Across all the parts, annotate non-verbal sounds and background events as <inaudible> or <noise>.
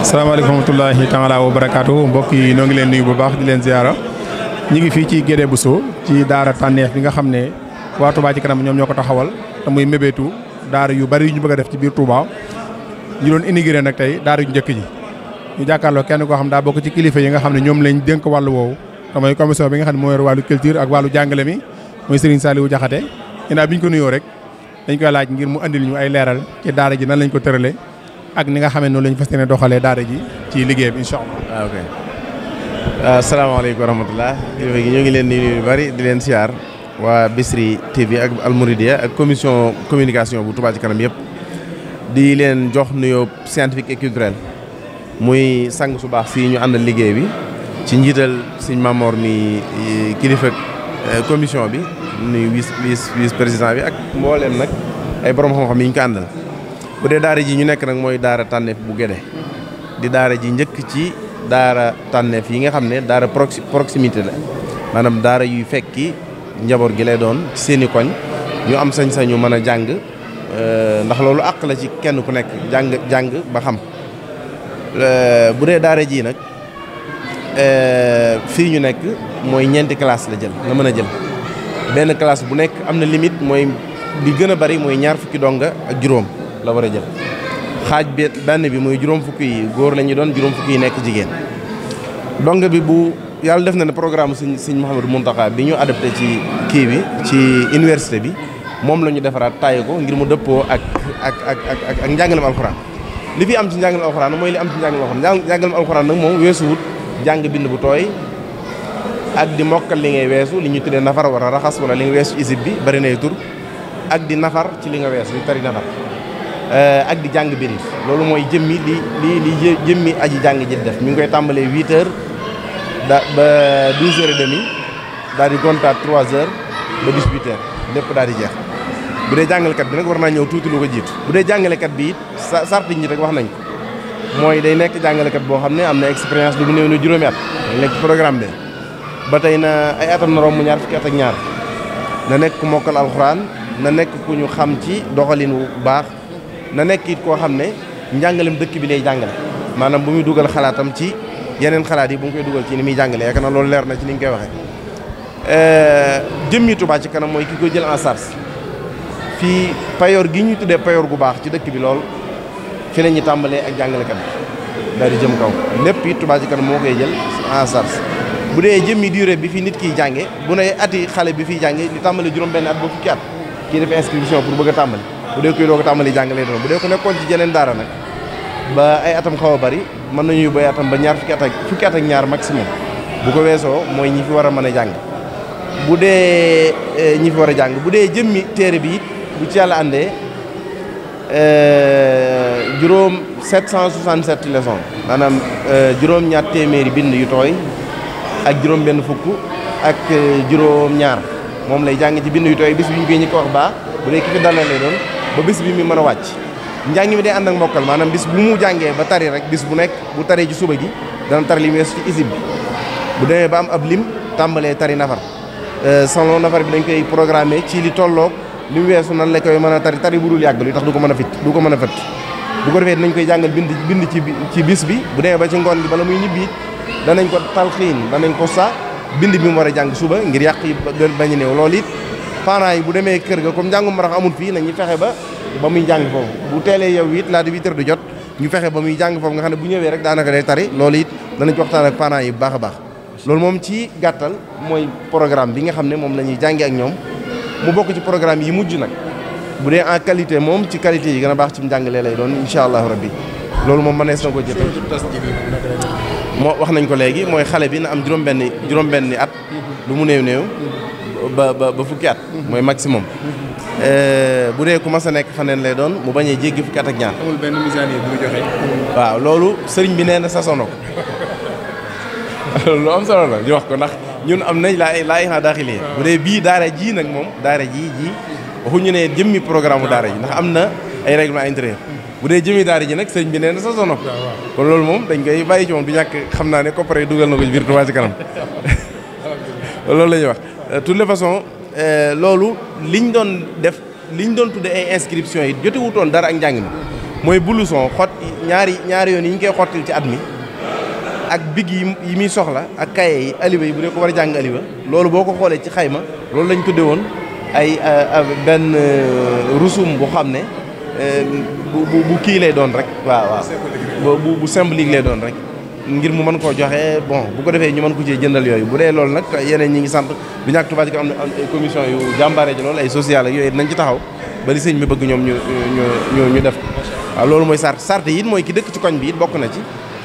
salaamaaleykum wa rahmatulahi taala wa barakaatu mbokk yi ñoo ngi leen nuyu bu baax di leen ziara ñi ngi fii ci bu Bousso ci daara tànneef bi nga xam ne waa Touba ci kanam ñoom ñoo ko taxawal te muy mebeetu daara yu bari yu ñu bëgg a def ci biir Touba ñu doon inauguré nag tey daar yu njëkk ji ñu jàkkaarloo kenn koo xam daa bokk ci kilifa yi nga xam ne ñoom lañ dénk wàllu woow te mooy bi nga xam ne moo yor wàllu culture ak wàllu jàngale mi mooy Serigne Saliou Diakhaté ginnaaw bi ñu ko nuyoo rek dañ koy laaj ngir mu andil ñu ay leeral ci daara ji nan lañ ko tërale ak ni nga xamee noonu la ñu fas yéene doxalee daara ji ci liggéey bi incha allah. Ah, ok ah, asalaamaaleykum wa rahmatulah ñu ngi leen di nuyu bari di leen siyaar waa Bichri TV ak Almouridiyyah ak commission communication bu Touba ci kanam yëpp. di leen jox nuyoo scientifique et culturel muy sang su baax fii ñu àndal liggéey bi ci njiital sëñ Mamor mi eh, kilifa eh, commission bi nuyu vice vice vice président bi ak mbooleem nag ay borom xam-xam yi ñu ko àndal. bu dee daara ji ñu nek nak moy daara tanef bu di daara ji ñëk ci daara tanef yi nga xamné daara proximité la manam daara yu fekki njabor gi lay doon ci seeni koñ ñu am sañ-sañu mëna jang euh ndax lolu ak la ci kenn ku nek jang jang ba xam euh, bu dee daara nak euh fi ñu nek moy ñenti classe la jël nga mëna jël ben classe bu nek amna limite moy di gëna bari moy ñaar fukki donga ak juroom la war a jël xaaj bi benn bi muy juróom fukki góor la ñuy doon juróom fukki nekk jigéen donc bi bu yàlla def na ne programme sëñ sëñ Mouhamadou Mountakha bi ñu adapté ci kii bi ci université bi moom la ñu defaraat tàyyi ko ngir mu dëppoo ak ak ak ak ak njàngalem alxuraan li fi am ci njàngalem alxuraan mooy li am ci njàngalem alxuraan njàngalem alxuraan nag moom weesuwut jàng bind bu tooy ak di mokkal li ngay weesu li ñu tuddee nafar a raxas wala li nga weesu isib bi bari nay tur ak di nafar ci li nga weesu li tari nafar Eh, ak di jàng bérif loolu moy jëmmi li li li jëmmi aji jang ji def mi ngoy tambalé 8 h da ba 12 h 30 demi di gonta 3 h ba 18 h lepp daal di jeex budé jangal kat bi nag warna ñew tuti lu ko jitt budé jangalé kat bi sarti ñi rek wax nañ moy day nek jangalé kat bo xamné amna na expérience lu mu néew ne juróomi at nekk programme bi ba tay na ay atam na romb ñaar fi at ak ñaar na nek ku mokkal alxuraan na nek ku ñu xam ci doxalin bu baax na nekk it koo xam ne njàngalem dëkk bi lay jàngale maanaam bu muy dugal xalaatam ci yeneen xalaat yi bu mu koy dugal ci ni muy jàngale yaakaar na loolu leer na ci ni ñu koy waxee euh, jëmmi Touba ci kanam mooy ki koy jël en charge fii payoor gi ñuy tuddee payoor gu baax ci dëkk bi lool fi la ñu tàmbalee ak jàngalekat bi di jëm kaw lépp it Touba ci kana moo koy jël en charge bu dee jëmmi durée bi fi nit kiy jànge bu nay ati xale bi fiy jànge di tàmbale juróom benn at ba fukki at kii def inscription pour bëgg a tàmbali bu dee ko tàmbali jàng lay doon bu dee ko nekkoon ci jeneen daara nag ba ay atam xaw bari mën nañu yóbbu ay atam ba ñaar fukki at ak fukki at ak ñaar maximum bu ko weesoo mooy ñi fi war a mën a jàng bu dee eh, ñi fi war a jàng bu dee jëmmi téere bi bu ci yàlla àndee eh, juróom 767 leçons maanaam eh, juróom ñaar téeméeri bind yu tooy ak juróom benn fukk ak juróom ñaar moom lay jàng ci bind yu tooy bis bi ñu koy ñi ko wax baa bu dee ki fi lay doon ba bis bi mi mën wacc wàcc njàng mi day and ak mokkal manam bis bu mu jàngee ba tari rek bis bu nek bu tari ci suba gi dana tar li mu ci isib bu demee ba am ab lim tàmbalee tari nafar euh, salon nafar bi dañ koy programmé ci li tolloog li wessu nan la koy mën tari tari bu dul yag lu tax du ko fit du ko mën a bu ko defee dinañ koy jangal bind bind ci ci bis bi bu demee ba ci ngoon gi bala muy ñibbi nañ ko talxiin nañ ko sa bind bi mu wara jang suba ngir yàq bañ a lolit parents yi bu demee kër ga comme jangum marax amul fii nañu fexé ba ba muy jang foofu bu télé yow it laata 8h du jot ñu fexé ba muy jang foofu nga xamné bu ñëwé rek naka day tari loolu it danañ ci waxtaan ak parents yi baaxa baax lool mom ci gattal moy programme bi nga xamné mom lañuy jangé ak ñom mu bokk ci programme yi mujj nak bu dé en qualité mom ci qualité yi gëna baax ci njàngalee lay doon inshallah rabbi lool mom mënees nako jëf mo wax nañ ko légui moy xalé bi na am juroom benn juroom benn at lu mu néew new ba ba ba fukki at mooy maximum eh, bu dee ku ma sa nekk faneen lay doon mu bañee jéggi fukki at ak ñaar amul benn misaan yi waaw loolu sëriñ bi nee na sasono ko lu am solo ñu wax ko ndax ñun am nañ laa laa ixaa bii daara jii nag moom daara jii jii waxuñu ne jëmmi programme daara ji ndax am na ay règlement intérieur bu dee jëmmi daara ji nag sëriñ bi nee na loolu moom dañ koy bàyyi ci moom du ñàkk xam naa ne coopéré dugal na ko ci biir Touba ci kanam <laughs> loolu la ñuy wax toute euh, toutes les façons euh, loolu liñ doon def liñ doon tudde ay inscription yi jotewutoon dara ak njàng mi mooy blouson xot ñaari ñaari yoon yi ñu koy xottil ci at mi ak big yi muy soxla ak kaye yi aliba yi bu dee ko war a jàng aliba loolu boo ko xoolee ci xayma loolu lañ tudde woon ay euh, benn rusum bu xam ne bu bu kii lay doon rek waaw waaw bu bu simple lay doon rek ngir mu mën koo joxe bon bu ko defee ñu mën ko cee jëndal yooyu bu dee loolu nag yeneen ñi ngi sant du ñàkk Touba ci kanam am ay commission yu jàmbaare loolu ay social ak yooyu nañ ci taxaw ba li sëñ bi bëgg ñoom ñu ñu ñu def waaw loolu mooy sart sart yi it mooy ki dëkk ci koñ bi it bokk na ci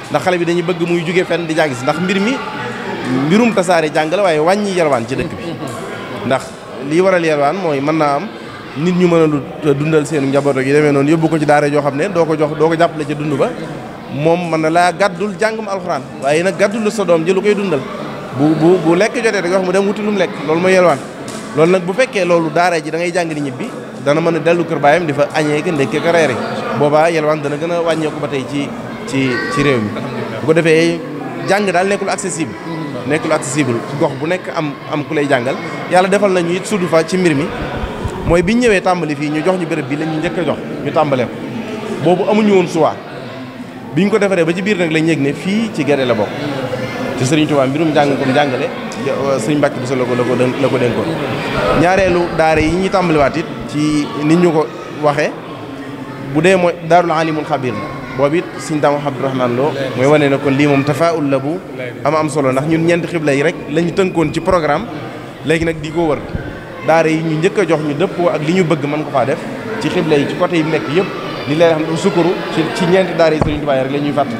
ndax xale bi dañuy bëgg muy jóge fen di jàng si ndax mbir mi mbirum tasaare jàng la waaye wàññi yalwaan ci dëkk bi ndax lii waral yalwaan mooy mën naa am nit ñu mën a dundal seen njaboot ak yu demee noonu yóbbu ko ci daara joo xam ne doo ko jox doo ko jàppale dund ba moom mën na laa gàddul jàngum alxuraan waaye nag gàddul la sa doom ji koy dundal bu bu bu lekk jotee da nga wax mu dem wuti lu mu lekk loolu mooy yelwaan lool nag bu fekkee loolu daara ji da ngay jàng ni ñibbi dana mën a dellu kër baayam di fa añee ka ndekkee ka reere boobaa yelwaan dana gën a wàññeeku ba tey ci ci ci réew mi bu defee jàng daal nekkul accessible nekkul accessible gox bu nekk am am ku lay jàngal yàlla defal nañu it sudu fa ci mbir mi mooy biñ ñëwee tàmbali fii ñu jox ñu béréb bi la ñu njëkk a jox ñu tàmbalee boobu amuñu woon suwaa bi ñu ko defaree ba ci biir nag lañ yëg ne fii ci gere la bokk te sëriñ Tuubaa mbirum jàng ko jàngale euh, sëriñ Mbàkke Buso la ko la ko la ko dénkoon ñaareelu daara yi ñu tàmbaliwaat it ci ni ñu ko waxee bu dee mooy daarul alimul xabir la boobu it sëriñ Daam Abdourahmaan loo mooy wane ne kon lii moom tafaul la bu am am solo ndax ñun ñeenti xibla yi rek la ñu tënkoon ci programme léegi nag di ko yi ñu njëkk jox ñu dëppoo ak li ñu bëgg mën ko faa def ci xibla yi ci côté yi nekk yëpp li lay xam ne sukuru ci ci ñeenti daara yi Serigne Touba rek la ñuy fàttali.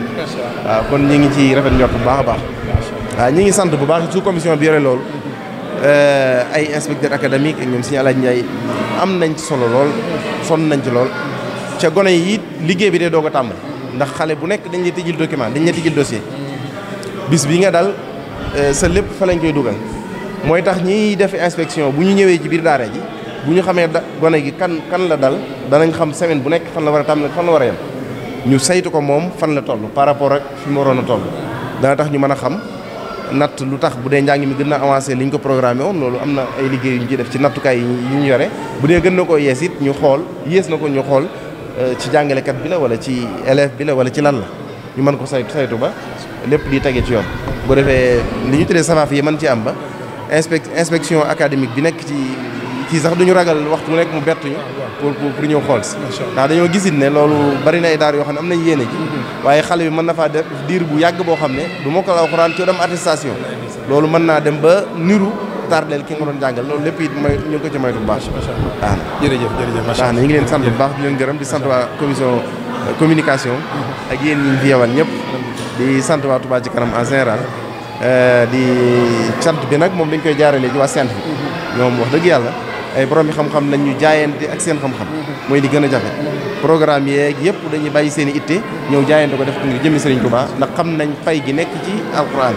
waaw kon ñu ngi ci rafet njort bu baax a baax. waaw ñu ngi sant bu baax sous commission bi yore loolu. Euh, ay inspecteur académique ak ñoom Serigne Alaaji Ndiaye am nañ ci solo lool sonn nañ ci lool ca gone yi liggéey bi de doog a tàmbali ndax xale bu nekk dañ lay tijjil document dañ lay tijjil dossier bis bi nga dal euh, sa lépp fa lañ koy dugal mooy tax ñuy def inspection bu ñu ñëwee ci biir daara ji. bu ñu xamee da gone gi kan kan la dal danañ xam semaine bu nekk fan la war a tàmbali fan la war a yem ñu saytu ko moom fan la toll par rapport ak fi mu waroon a toll dana tax ñu mën a xam natt lu tax bu dee njàng mi gën na avancé li ñu ko programmé woon loolu am na ay liggéey yu ñu ciy def ci nattukaay yi ñu yore bu dee gën na koo yees yit ñu xool yées na ko ñu xool euh, ci jàngalekat bi la wala ci élève bi la wala ci lan la ñu mën ko saytu saytu ba lépp di tege ci yoon. bu defee li ñu tuddee yi mën ci am ba inspection académique bi nekk ci. ki sax duñu ragal waxtu mu nek mu bettu ñu pour pour ñëw xol da dañu gisit ne lolu bari na ay daara yoo xam ne am nañ yéene ji mhm. xale bi mën na faa def dir bu yag bo xamne ne du mokkal alxuraan ci dem attestation lolu mën naa dem ba niru tardel ki nga doon jangal lolu lepp it ñu ko ci maytu bu baax waaw jërëjëf jere jere na ñu ngi leen sant bu baax di leen gërëm di sant wa commission euh, communication mhm. ak yéen ñi fi yewal ñëpp di sant wa tuba ci kanam en général euh, di sant bi nak mom dañ koy jaarale ci wa centre ñom wax deug yalla ay borom yi xam-xam nañ ñu jaayante ak seen xam-xam mooy li gën a jafe programme yeeg yëpp dañuy bàyyi seen i itte ñëw jaayante ko def ko ngir jëmmi Sëriñ Tuubaa ndax xam nañ fay gi nekk ci alquran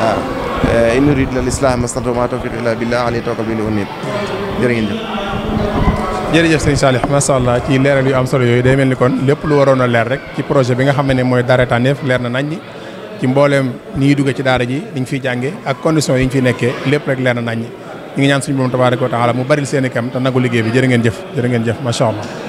waaw eh, in urid lal islam astatouma tawfiq illa billah alayhi bi unib jërë ngeen jëf jërëjëf sëñ Salih ci leeral yu am solo yooyu day mel ni kon lépp lu waroon a leer rek ci projet bi nga xam ne mooy Daara Tànneef leer na nañ ci mbooleem ni ñuy duggee ci daara ji ni ñu fiy jàngee ak condition yi ñu fiy nekkee lépp rek leer na nañ ñu ngi ñaan suñu borom tabaaraka wa taala mu baril seen kam te nagu liggéey bi jërë jëf jërë jëf macha allah